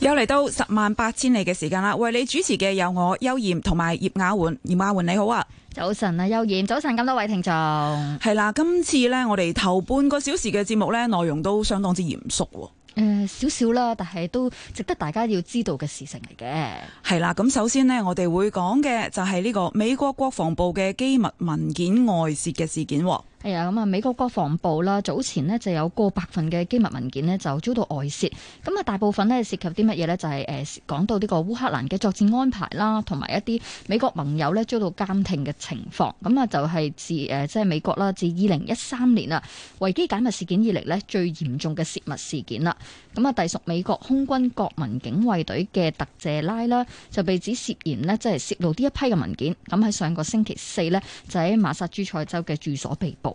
又嚟到十萬八千里嘅時間啦！為你主持嘅有我邱豔同埋葉雅媛，葉雅媛你好啊！早晨啊，邱豔，早晨。咁多位聽眾係啦。今次呢，我哋頭半個小時嘅節目呢，內容都相當之嚴肅誒，少、呃、少啦，但係都值得大家要知道嘅事情嚟嘅係啦。咁首先呢，我哋會講嘅就係呢個美國國防部嘅機密文件外洩嘅事件。係啊，咁啊，美國國防部啦，早前呢就有過百份嘅機密文件呢就遭到外泄，咁啊大部分呢涉及啲乜嘢呢？就係、是、誒講到呢個烏克蘭嘅作戰安排啦，同埋一啲美國盟友呢遭到監聽嘅情況，咁啊就係自誒即係、就是、美國啦自二零一三年啊維基解密事件以嚟呢最嚴重嘅泄密事件啦，咁啊隸屬美國空軍國民警衛隊嘅特謝拉啦就被指涉嫌呢，即係泄露呢一批嘅文件，咁喺上個星期四呢，就喺馬薩諸塞州嘅住所被捕。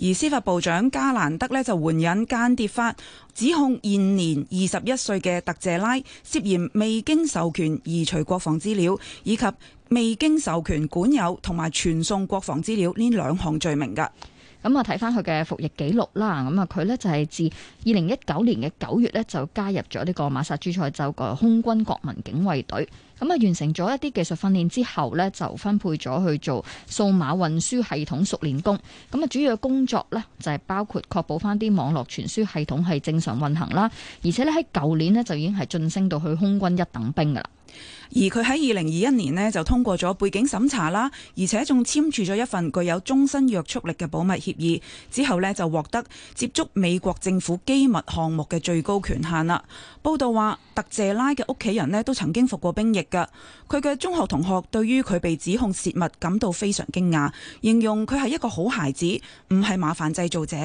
而司法部長加蘭德呢就援引間諜法，指控現年二十一歲嘅特謝拉涉嫌未經授權移除國防資料，以及未經授權管有同埋傳送國防資料呢兩項罪名㗎。咁啊，睇翻佢嘅服役記錄啦。咁啊，佢咧就係自二零一九年嘅九月咧就加入咗呢個馬薩諸塞州嘅空軍國民警衛隊。咁啊，完成咗一啲技術訓練之後咧，就分配咗去做數碼運輸系統熟練工。咁啊，主要嘅工作咧就係包括確保翻啲網絡傳輸系統係正常運行啦。而且咧喺舊年咧就已經係晉升到去空軍一等兵噶啦。而佢喺二零二一年呢，就通過咗背景審查啦，而且仲簽署咗一份具有終身約束力嘅保密協議之後呢，就獲得接觸美國政府機密項目嘅最高權限啦。報道話，特謝拉嘅屋企人呢，都曾經服過兵役㗎，佢嘅中學同學對於佢被指控洩密感到非常驚訝，形容佢係一個好孩子，唔係麻煩製造者。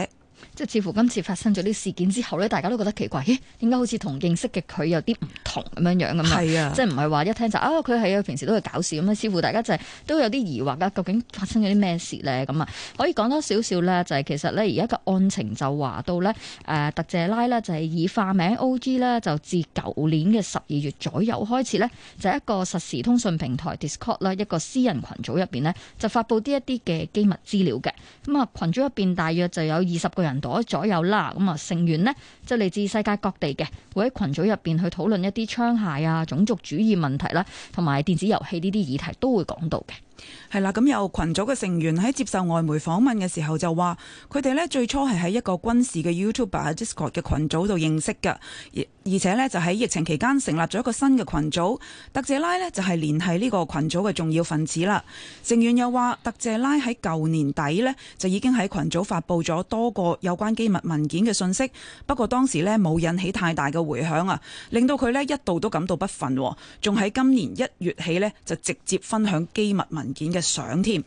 即係似乎今次發生咗啲事件之後咧，大家都覺得奇怪，咦，點解好似同認識嘅佢有啲唔同咁樣樣咁啊？即係唔係話一聽就是、啊，佢係啊，平時都係搞事咁啊？似乎大家就係都有啲疑惑啊，究竟發生咗啲咩事咧？咁啊，可以講多少少咧？就係其實咧，而家個案情就話到咧，誒、呃、特謝拉咧就係以化名 O.G. 咧，就自舊年嘅十二月左右開始咧，就係一個實時通訊平台 Discord 啦，一個私人群組入邊咧，就發布啲一啲嘅機密資料嘅。咁啊，群組入邊大約就有二十個人。咗右啦，咁啊成員呢，即係嚟自世界各地嘅，會喺群組入邊去討論一啲槍械啊、種族主義問題啦，同埋電子遊戲呢啲議題都會講到嘅。係啦，咁有群組嘅成員喺接受外媒訪問嘅時候就話，佢哋呢最初係喺一個軍事嘅 YouTuber 啊 Discord 嘅群組度認識噶，而且呢，就喺疫情期間成立咗一個新嘅群組。特謝拉呢就係聯繫呢個群組嘅重要分子啦。成員又話，特謝拉喺舊年底呢就已經喺群組發佈咗多個有關機密文件嘅信息，不過當時呢冇引起太大嘅迴響啊，令到佢呢一度都感到不忿，仲喺今年一月起呢，就直接分享機密文件。文件嘅相添。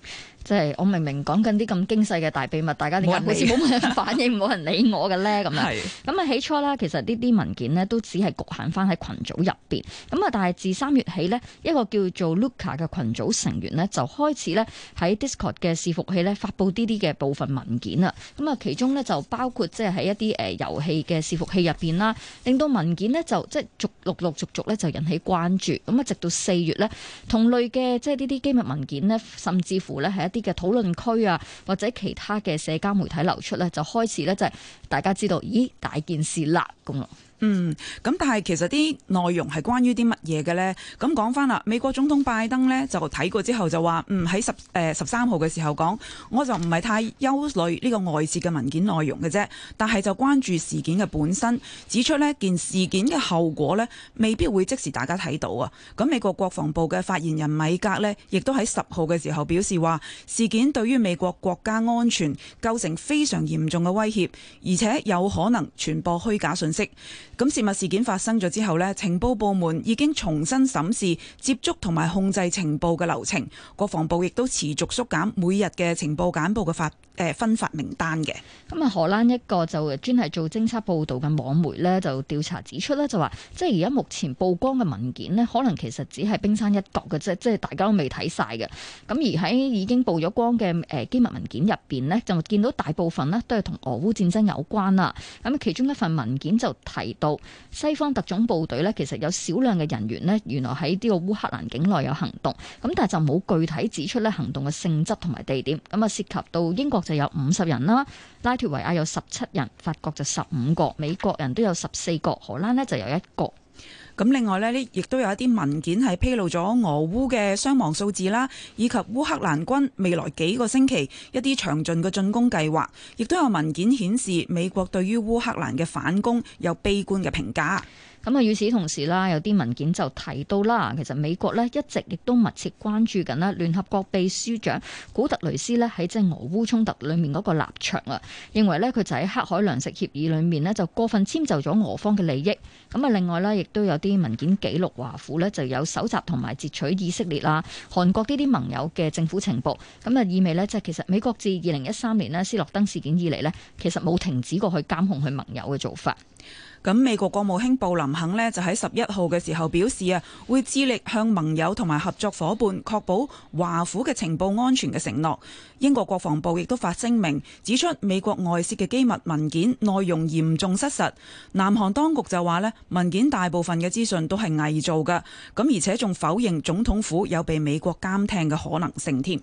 即係我明明講緊啲咁精細嘅大秘密，大家點解好似冇乜反應，冇人理我嘅咧？咁樣咁啊，起初啦，其實呢啲文件呢都只係局限翻喺群組入邊。咁啊，但係自三月起呢，一個叫做 Luca 嘅群組成員呢，就開始呢喺 Discord 嘅伺服器呢發佈呢啲嘅部分文件啦。咁啊，其中呢，就包括即係喺一啲誒遊戲嘅伺服器入邊啦，令到文件呢就即係逐陸陸續續咧就引起關注。咁啊，直到四月呢，同類嘅即係呢啲機密文件呢，甚至乎呢，係一啲嘅討論區啊，或者其他嘅社交媒體流出咧，就開始咧就係大家知道，咦大件事啦咁咯。嗯，咁但係其實啲內容係關於啲乜嘢嘅呢？咁講返啦，美國總統拜登呢就睇過之後就話：嗯，喺十誒十三號嘅時候講，我就唔係太憂慮呢個外泄嘅文件內容嘅啫。但係就關注事件嘅本身，指出呢件事件嘅後果呢，未必會即時大家睇到啊。咁美國國防部嘅發言人米格呢，亦都喺十號嘅時候表示話：事件對於美國國家安全構成非常嚴重嘅威脅，而且有可能傳播虛假信息。咁洩密事件發生咗之後咧，情報部門已經重新審視接觸同埋控制情報嘅流程。國防部亦都持續縮減每日嘅情報簡報嘅發誒分發名單嘅。咁啊，荷蘭一個就專係做偵測報道嘅網媒咧，就調查指出咧，就話即係而家目前曝光嘅文件咧，可能其實只係冰山一角嘅，啫，即係大家都未睇晒。嘅咁而喺已經曝咗光嘅誒機密文件入邊咧，就見到大部分咧都係同俄烏戰爭有關啦。咁其中一份文件就提到。西方特種部隊呢，其實有少量嘅人員呢，原來喺呢個烏克蘭境內有行動，咁但係就冇具體指出咧行動嘅性質同埋地點，咁啊涉及到英國就有五十人啦，拉脫維亞有十七人，法國就十五個，美國人都有十四個，荷蘭呢就有一個。咁另外咧，呢亦都有一啲文件係披露咗俄烏嘅傷亡數字啦，以及烏克蘭軍未來幾個星期一啲詳盡嘅進攻計劃，亦都有文件顯示美國對於烏克蘭嘅反攻有悲觀嘅評價。咁啊，與此同時啦，有啲文件就提到啦，其實美國咧一直亦都密切關注緊啦聯合國秘書長古特雷斯咧喺即係俄烏衝突裏面嗰個立場啊，認為咧佢就喺黑海糧食協議裏面咧就過分遷就咗俄方嘅利益。咁啊，另外咧亦都有啲。啲文件記錄華府呢就有搜集同埋截取以色列啦、韓國呢啲盟友嘅政府情報，咁啊，意味呢，即係其實美國自二零一三年呢斯諾登事件以嚟呢，其實冇停止過去監控佢盟友嘅做法。咁美國國務卿布林肯呢，就喺十一號嘅時候表示啊，會致力向盟友同埋合作伙伴確保華府嘅情報安全嘅承諾。英國國防部亦都發聲明指出，美國外泄嘅機密文件內容嚴重失實。南韓當局就話呢，文件大部分嘅資訊都係偽造㗎，咁而且仲否認總統府有被美國監聽嘅可能性添。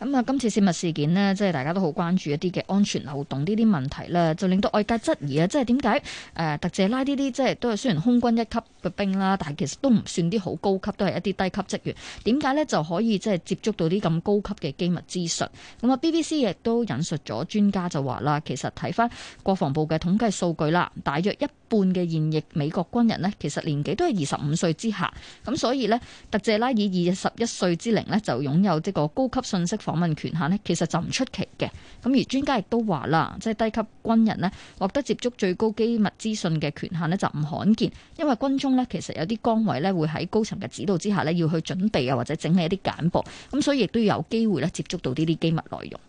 咁啊，今次泄密事件呢，即係大家都好關注一啲嘅安全漏洞呢啲問題啦，就令到外界質疑啊，即係點解誒特謝拉呢啲即係都係雖然空軍一級嘅兵啦，但係其實都唔算啲好高級，都係一啲低級職員。點解呢？就可以即係接觸到啲咁高級嘅機密資訊？咁啊，BBC 亦都引述咗專家就話啦，其實睇翻國防部嘅統計數據啦，大約一半嘅現役美國軍人呢，其實年紀都係二十五歲之下。咁所以呢，特謝拉以二十一歲之齡呢，就擁有呢個高級信息訪問權限咧，其實就唔出奇嘅。咁而專家亦都話啦，即係低級軍人咧，獲得接觸最高機密資訊嘅權限咧，就唔罕見。因為軍中咧，其實有啲崗位咧，會喺高層嘅指導之下咧，要去準備啊，或者整理一啲簡報，咁所以亦都有機會咧，接觸到呢啲機密內容。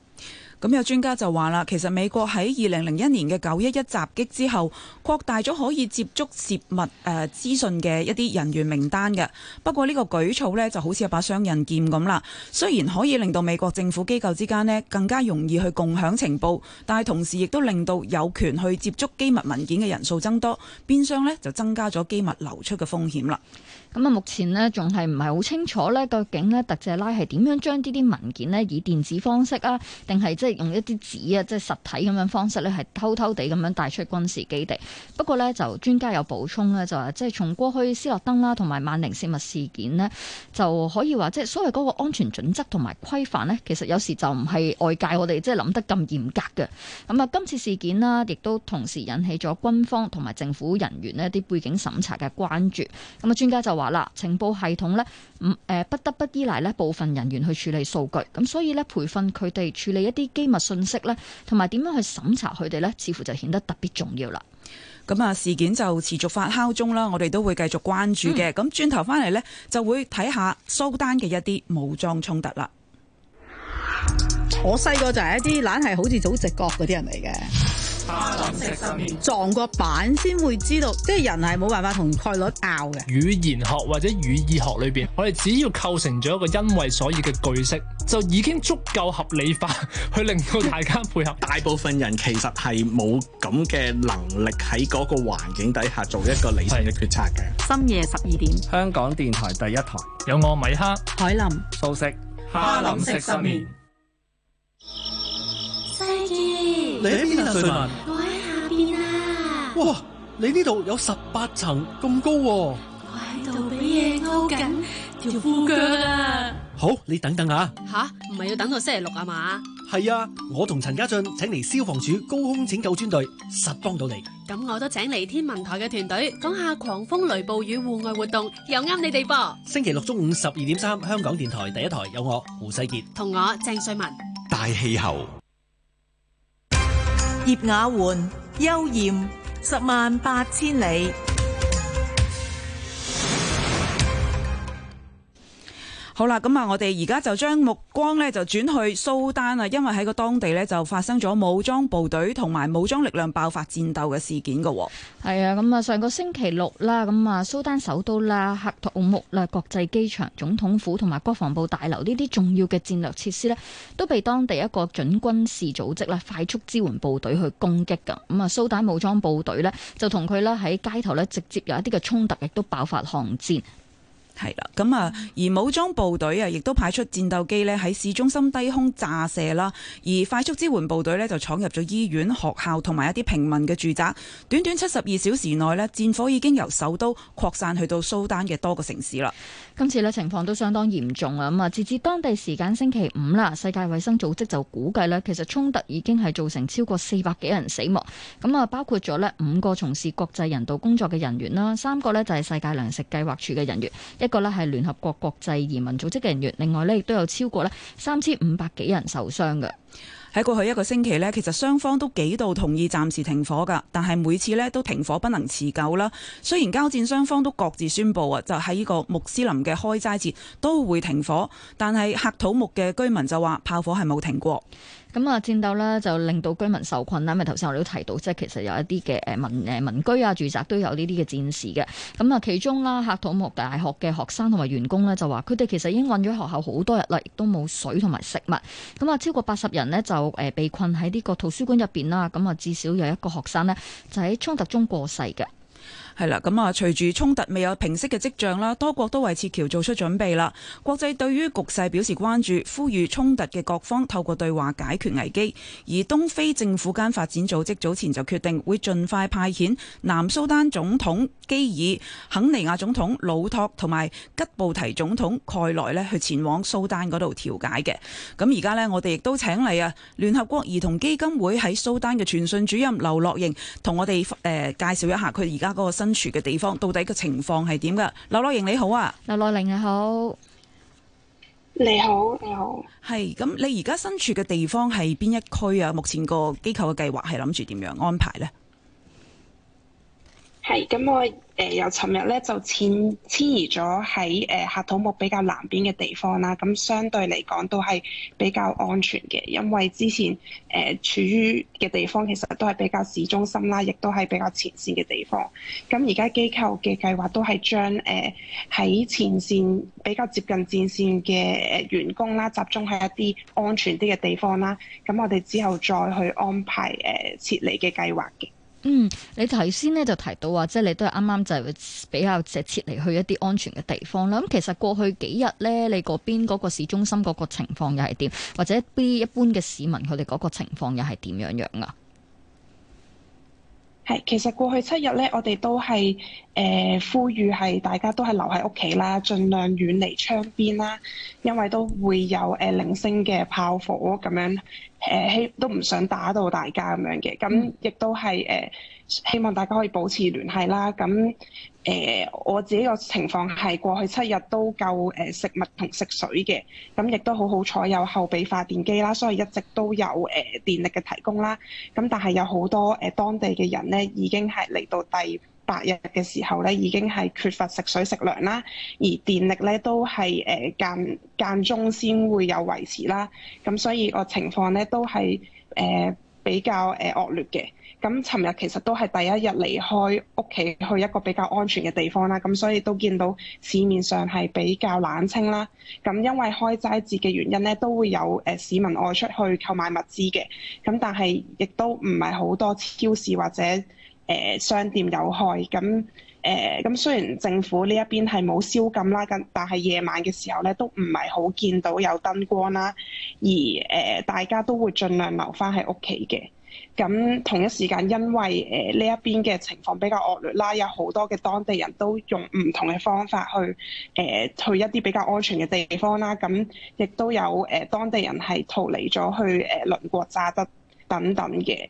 咁有專家就話啦，其實美國喺二零零一年嘅九一一襲擊之後，擴大咗可以接觸涉密誒資訊嘅一啲人員名單嘅。不過呢個舉措呢就好似一把雙刃劍咁啦。雖然可以令到美國政府機構之間呢更加容易去共享情報，但係同時亦都令到有權去接觸機密文件嘅人數增多，變相呢就增加咗機密流出嘅風險啦。咁啊，目前咧仲係唔係好清楚咧？究竟咧，特謝拉係點樣將呢啲文件咧以電子方式啊，定係即係用一啲紙啊，即係實體咁樣方式咧，係偷偷哋咁樣帶出軍事基地？不過咧，就專家有補充咧，就話即係從過去斯諾登啦同埋曼寧洩密事件咧，就可以話即係所謂嗰個安全準則同埋規範咧，其實有時就唔係外界我哋即係諗得咁嚴格嘅。咁啊，今次事件啦，亦都同時引起咗軍方同埋政府人員咧啲背景審查嘅關注。咁啊，專家就話。啦情報系統咧，唔，誒不得不依賴咧部分人員去處理數據，咁所以咧培訓佢哋處理一啲機密信息咧，同埋點樣去審查佢哋咧，似乎就顯得特別重要啦。咁啊，事件就持續發酵中啦，我哋都會繼續關注嘅。咁轉頭翻嚟咧，就會睇下蘇丹嘅一啲武裝衝突啦。我細個就係一啲懶係，好似早直覺嗰啲人嚟嘅。哈，撞個板先會知道，即係人係冇辦法同概率拗嘅。語言學或者語意學裏邊，我哋只要構成咗一個因為所以嘅句式，就已經足夠合理化去令到大家配合。 大部分人其實係冇咁嘅能力喺嗰個環境底下做一個理性嘅決策嘅。深夜十二點，香港電台第一台，有我米哈、海林、素食，哈林食心麵。你喺邊啊，瑞文？我喺下邊啊！哇，你呢度有十八層咁高？我喺度俾嘢勾緊條褲腳啊！好，你等等下。吓，唔係要等到星期六啊嘛？係啊，我同陳家俊請嚟消防處高空拯救專隊，實幫到你。咁我都請嚟天文台嘅團隊，講下狂風雷暴雨戶外活動又啱你哋噃。星期六中午十二點三，香港電台第一台有我胡世杰同我鄭瑞文大氣候。葉雅媛，幽艷，十萬八千里。好啦，咁啊，我哋而家就將目光呢，就轉去蘇丹啊，因為喺個當地呢，就發生咗武裝部隊同埋武裝力量爆發戰鬥嘅事件噶。係啊，咁啊，上個星期六啦，咁啊，蘇丹首都啦、喀土穆啦、國際機場、總統府同埋國防部大樓呢啲重要嘅戰略設施呢，都被當地一個準軍事組織啦、快速支援部隊去攻擊㗎。咁啊，蘇丹武裝部隊呢，就同佢啦喺街頭呢直接有一啲嘅衝突，亦都爆發巷戰。係啦，咁啊，而武裝部隊啊，亦都派出戰鬥機咧喺市中心低空炸射啦，而快速支援部隊咧就闖入咗醫院、學校同埋一啲平民嘅住宅。短短七十二小時內咧，戰火已經由首都擴散去到蘇丹嘅多個城市啦。今次咧情況都相當嚴重啊！咁啊，截至當地時間星期五啦，世界衛生組織就估計咧其實衝突已經係造成超過四百幾人死亡。咁啊，包括咗咧五個從事國際人道工作嘅人員啦，三個咧就係世界糧食計劃署嘅人員。一個呢係聯合國國際移民組織嘅人員，另外呢亦都有超過三千五百幾人受傷嘅。喺過去一個星期呢，其實雙方都幾度同意暫時停火噶，但係每次呢都停火不能持久啦。雖然交戰雙方都各自宣布啊，就喺呢個穆斯林嘅開齋節都會停火，但係喀土穆嘅居民就話炮火係冇停過。咁啊，戰鬥呢就令到居民受困啦，因為頭先我哋都提到，即係其實有一啲嘅誒民誒民居啊、住宅都有呢啲嘅戰事嘅。咁啊，其中啦，喀土木大學嘅學生同埋員工呢，就話，佢哋其實已經困咗學校好多日啦，亦都冇水同埋食物。咁啊，超過八十人呢，就被困喺呢個圖書館入邊啦。咁啊，至少有一個學生呢，就喺衝突中過世嘅。係啦，咁啊，隨住衝突未有平息嘅跡象啦，多國都為撤僑做出準備啦。國際對於局勢表示關注，呼籲衝突嘅各方透過對話解決危機。而東非政府間發展組織早前就決定會盡快派遣南蘇丹總統基爾、肯尼亞總統魯托同埋吉布提總統蓋萊呢去前往蘇丹嗰度調解嘅。咁而家呢，我哋亦都請嚟啊，聯合國兒童基金會喺蘇丹嘅傳訊主任劉樂瑩同我哋、呃、介紹一下佢而家嗰個新身處嘅地方到底個情況係點噶？劉樂瑩你好啊，劉樂瑩你好，你好你好，係咁，你而家身處嘅地方係邊一區啊？目前個機構嘅計劃係諗住點樣安排呢？係，咁我誒由尋日咧就遷遷移咗喺誒喀土木比較南邊嘅地方啦，咁相對嚟講都係比較安全嘅，因為之前誒處於嘅地方其實都係比較市中心啦，亦都係比較前線嘅地方。咁而家機構嘅計劃都係將誒喺前線比較接近戰線嘅誒員工啦，集中喺一啲安全啲嘅地方啦。咁我哋之後再去安排誒撤離嘅計劃嘅。嗯，你頭先咧就提到話，即係你都係啱啱就係會比較直接撤離去一啲安全嘅地方啦。咁其實過去幾日咧，你嗰邊嗰個市中心嗰個情況又係點？或者一般嘅市民佢哋嗰個情況又係點樣樣啊？係，其實過去七日咧，我哋都係誒、呃、呼籲係大家都係留喺屋企啦，儘量遠離窗邊啦，因為都會有誒、呃、零星嘅炮火咁樣誒，希、呃、都唔想打到大家咁樣嘅，咁亦都係誒、呃、希望大家可以保持聯繫啦，咁。誒、呃、我自己個情況係過去七日都夠、呃、食物同食水嘅，咁亦都好好彩有後備發電機啦，所以一直都有誒、呃、電力嘅提供啦。咁但係有好多誒、呃、當地嘅人咧，已經係嚟到第八日嘅時候咧，已經係缺乏食水食糧啦，而電力咧都係誒、呃、間間中先會有維持啦。咁所以個情況咧都係誒、呃比較誒、呃、惡劣嘅，咁尋日其實都係第一日離開屋企去一個比較安全嘅地方啦，咁所以都見到市面上係比較冷清啦。咁因為開齋節嘅原因咧，都會有誒、呃、市民外出去購買物資嘅，咁但係亦都唔係好多超市或者誒、呃、商店有開。咁。誒、呃、咁雖然政府呢一邊係冇宵禁啦，咁但係夜晚嘅時候咧都唔係好見到有燈光啦。而誒、呃、大家都會盡量留翻喺屋企嘅。咁同一時間因為誒呢、呃、一邊嘅情況比較惡劣啦，有好多嘅當地人都用唔同嘅方法去誒、呃、去一啲比較安全嘅地方啦。咁亦都有誒、呃、當地人係逃離咗去誒、呃、鄰國乍得等等嘅誒。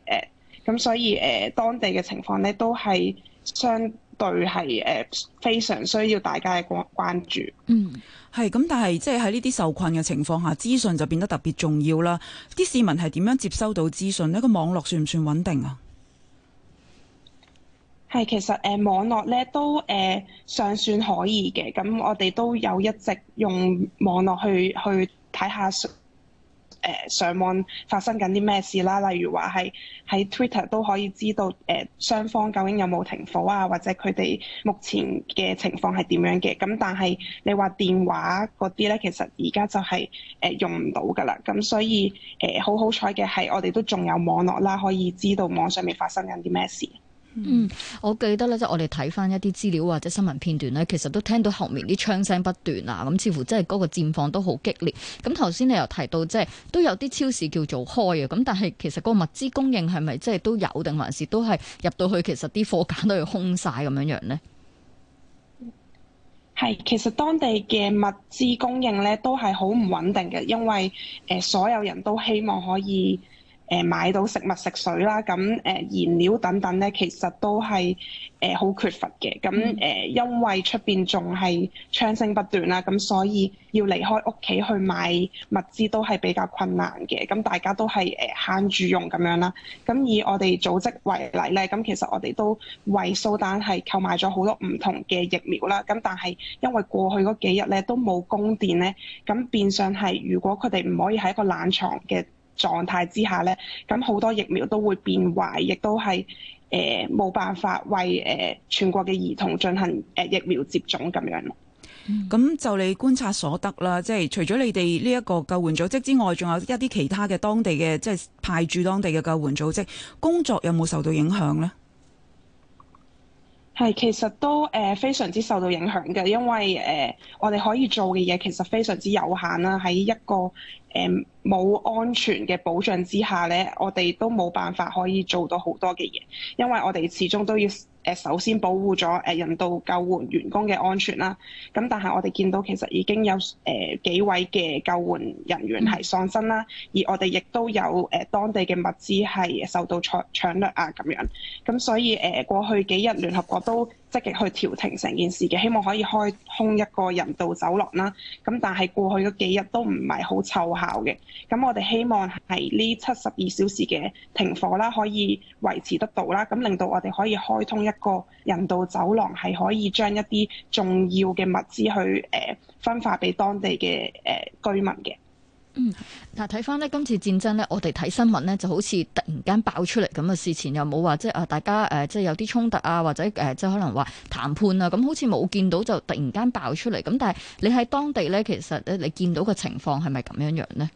咁、呃、所以誒、呃、當地嘅情況咧都係相對，係誒，非常需要大家嘅關關注。嗯，係咁，但係即係喺呢啲受困嘅情況下，資訊就變得特別重要啦。啲市民係點樣接收到資訊呢？個網絡算唔算穩定啊？係，其實誒、呃，網絡咧都誒尚、呃、算可以嘅。咁我哋都有一直用網絡去去睇下。誒上網發生緊啲咩事啦？例如話係喺 Twitter 都可以知道誒雙方究竟有冇停火啊，或者佢哋目前嘅情況係點樣嘅？咁但係你話電話嗰啲咧，其實而家就係誒用唔到㗎啦。咁所以誒好好彩嘅係，我哋都仲有網絡啦，可以知道網上面發生緊啲咩事。嗯，我記得咧，即係我哋睇翻一啲資料或者新聞片段咧，其實都聽到後面啲槍聲不斷啊，咁似乎即係嗰個戰況都好激烈。咁頭先你又提到，即係都有啲超市叫做開啊。咁但係其實嗰個物資供應係咪即係都有，定還是都係入到去其實啲貨架都要空晒咁樣樣呢？係，其實當地嘅物資供應咧都係好唔穩定嘅，因為誒所有人都希望可以。誒、呃、買到食物食水啦，咁誒、呃、燃料等等咧，其實都係誒好缺乏嘅。咁誒、呃、因為出面仲係槍聲不斷啦，咁所以要離開屋企去買物資都係比較困難嘅。咁大家都係誒慳住用咁樣啦。咁以我哋組織為例咧，咁其實我哋都為蘇丹係購買咗好多唔同嘅疫苗啦。咁但係因為過去嗰幾日咧都冇供電咧，咁變相係如果佢哋唔可以喺一個冷藏嘅。狀態之下咧，咁好多疫苗都會變壞，亦都係誒冇辦法為誒、呃、全國嘅兒童進行誒、呃、疫苗接種咁樣咯。咁、嗯、就你觀察所得啦，即係除咗你哋呢一個救援組織之外，仲有一啲其他嘅當地嘅，即係派駐當地嘅救援組織工作有冇受到影響咧？係，其實都誒、呃、非常之受到影響嘅，因為誒、呃、我哋可以做嘅嘢其實非常之有限啦，喺一個。誒冇安全嘅保障之下咧，我哋都冇辦法可以做到好多嘅嘢，因為我哋始終都要誒首先保護咗誒人道救援員工嘅安全啦。咁但係我哋見到其實已經有誒幾位嘅救援人員係喪生啦，而我哋亦都有誒當地嘅物資係受到搶搶掠掠啊咁樣。咁所以誒過去幾日聯合國都積極去調停成件事嘅，希望可以開通一個人道走廊啦。咁但係過去嗰幾日都唔係好湊效嘅。咁我哋希望係呢七十二小時嘅停火啦，可以維持得到啦。咁令到我哋可以開通一個人道走廊，係可以將一啲重要嘅物資去誒、呃、分發俾當地嘅誒、呃、居民嘅。嗯，嗱，睇翻咧今次戰爭咧，我哋睇新聞咧就好似突然間爆出嚟咁啊，事前又冇話即係啊，大家誒、呃，即係有啲衝突啊，或者誒、呃，即係可能話談判啊，咁好似冇見到就突然間爆出嚟，咁但係你喺當地咧，其實咧你見到嘅情況係咪咁樣樣呢？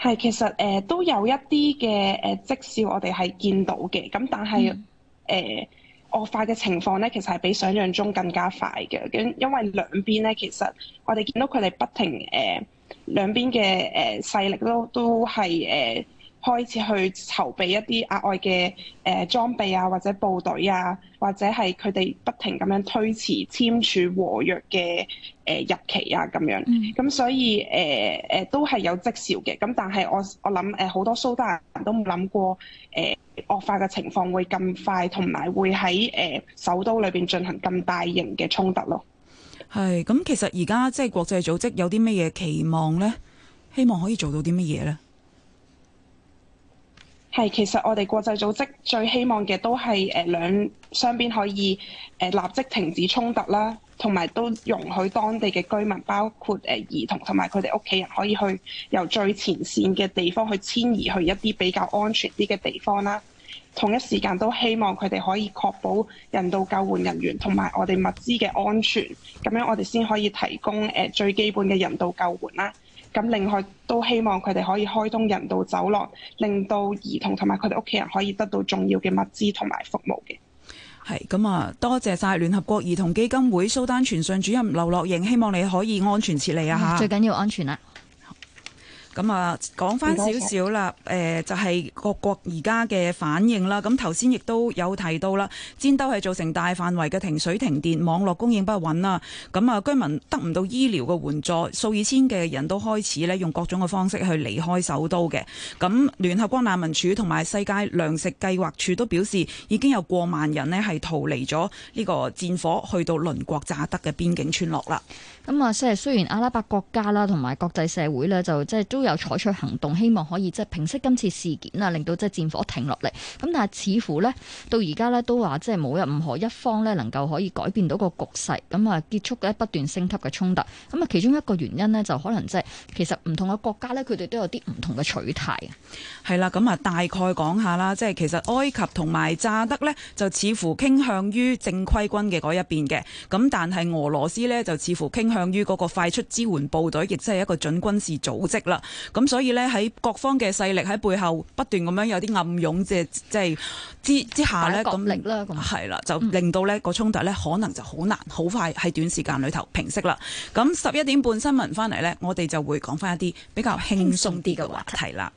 係，其實誒、呃、都有一啲嘅誒跡象，呃、即使我哋係見到嘅，咁但係誒。嗯呃惡化嘅情況咧，其實係比想象中更加快嘅，咁因為兩邊咧，其實我哋見到佢哋不停誒、呃、兩邊嘅誒、呃、勢力都都係誒、呃、開始去籌備一啲額外嘅誒、呃、裝備啊，或者部隊啊，或者係佢哋不停咁樣推遲簽署和約嘅誒、呃、日期啊，咁樣。咁、嗯嗯、所以誒誒、呃、都係有跡兆嘅。咁但係我我諗誒好多蘇丹人都冇諗過誒。呃惡化嘅情況會咁快，同埋會喺誒、呃、首都裏邊進行咁大型嘅衝突咯。係，咁其實而家即係國際組織有啲乜嘢期望呢？希望可以做到啲乜嘢呢？係，其實我哋國際組織最希望嘅都係誒、呃、兩雙邊可以誒、呃、立即停止衝突啦。同埋都容許當地嘅居民，包括誒、呃、兒童同埋佢哋屋企人，可以去由最前線嘅地方去遷移去一啲比較安全啲嘅地方啦。同一時間都希望佢哋可以確保人道救援人員同埋我哋物資嘅安全，咁樣我哋先可以提供、呃、最基本嘅人道救援啦。咁另外都希望佢哋可以開通人道走廊，令到兒童同埋佢哋屋企人可以得到重要嘅物資同埋服務嘅。係咁啊！多謝晒聯合國兒童基金會蘇丹傳訊主任劉樂瑩，希望你可以安全撤離啊！吓，最緊要安全啊。咁啊，講翻少少啦，誒就係各國而家嘅反應啦。咁頭先亦都有提到啦，戰鬥係造成大範圍嘅停水停電、網絡供應不穩啦。咁啊，居民得唔到醫療嘅援助，數以千嘅人都開始咧用各種嘅方式去離開首都嘅。咁聯合國難民署同埋世界糧食計劃署都表示，已經有過萬人咧係逃離咗呢個戰火，去到鄰國乍得嘅邊境村落啦。咁啊，即係雖然阿拉伯國家啦，同埋國際社會咧，就即係都。都有採取行動，希望可以即係平息今次事件啊，令到即係戰火停落嚟。咁但係似乎咧，到而家咧都話即係冇任何一方咧能夠可以改變到個局勢，咁啊結束嘅不斷升級嘅衝突。咁啊，其中一個原因咧、就是，就可能即係其實唔同嘅國家咧，佢哋都有啲唔同嘅取態。係啦，咁啊大概講下啦，即係其實埃及同埋乍得呢，就似乎傾向於正規軍嘅嗰一邊嘅。咁但係俄羅斯呢，就似乎傾向於嗰個快速支援部隊，亦即係一個準軍事組織啦。咁所以咧，喺各方嘅勢力喺背後不斷咁樣有啲暗湧即係之之下咧，咁係啦，就令到咧個衝突咧可能就好難好快喺短時間裏頭平息啦。咁十一點半新聞翻嚟咧，我哋就會講翻一啲比較輕鬆啲嘅話題啦。